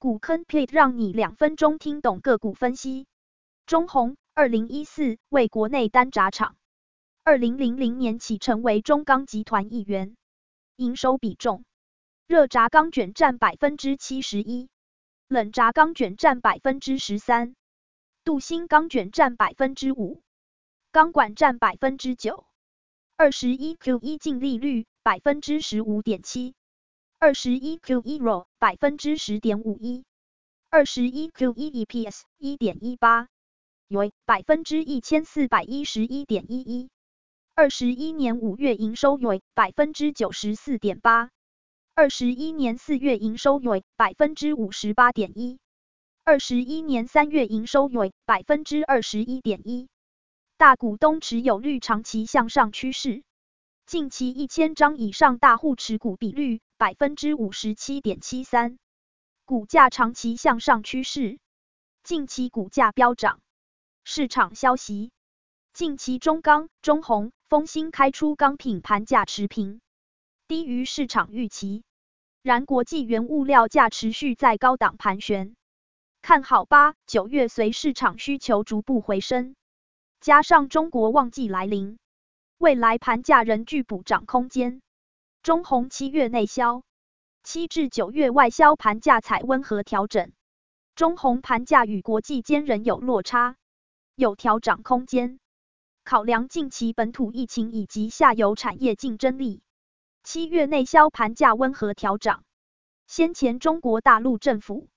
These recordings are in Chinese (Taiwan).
股坑 plate 讓你兩分鐘聽懂個股分析。中鴻，二零一四為國內單軋廠，二零零零年起成為中鋼集團一員。營收比重，熱軋鋼卷占百分之七十一，冷軋鋼卷占百分之十三，鍍鋅鋼卷占百分之五，鋼管占百分之九。二十一 Q 一、e、淨利率百分之十五點七。二十一 Q 一 ROE 百分之十點五一，二十一 Q 一 EPS 一點一八，YoY 百分之一千四百一十一點一一，二十一年五月營收 YoY 百分之九十四點八，二十一年四月營收 YoY 百分之五十八點一，二十一年三月營收 YoY 百分之二十一點一，大股東持有率長期向上趨勢，近期一千張以上大戶持股比率。百分之五十七點七三，股價長期向上趨勢，近期股價飆漲。市場消息，近期中鋼、中鴻、豐興開出鋼品盤價持平，低於市場預期。然國際原物料價持續在高檔盤旋，看好八九月隨市場需求逐步回升，加上中國旺季來臨，未來盤價仍具補漲空間。中鴻七月內銷、七至九月外銷盤價採溫和調整，中鴻盤價與國際間仍有落差，有調漲空間。考量近期本土疫情以及下游產業競爭力，七月內銷盤價溫和調整，先前中國大陸政府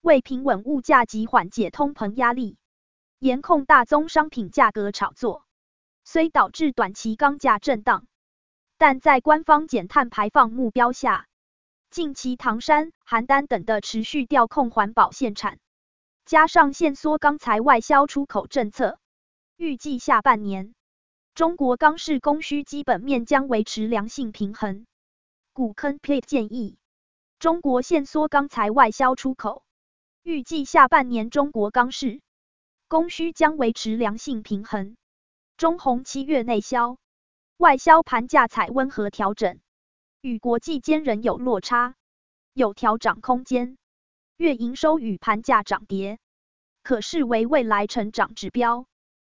為平穩物價及緩解通膨壓力，嚴控大宗商品價格炒作，雖導致短期鋼價震盪。但在官方減碳排放目標下，近期唐山、邯鄲等的持續調控環保限產，加上限縮鋼材外銷出口政策，預計下半年中國鋼市供需基本面將維持良性平衡。股坑 Pit 建議，中國限縮鋼材外銷出口，預計下半年中國鋼市供需將維持良性平衡。中鴻七月內銷。外銷盤價採溫和調整，與國際間仍有落差，有調漲空間。月營收與盤價漲跌，可視為未來成長指標。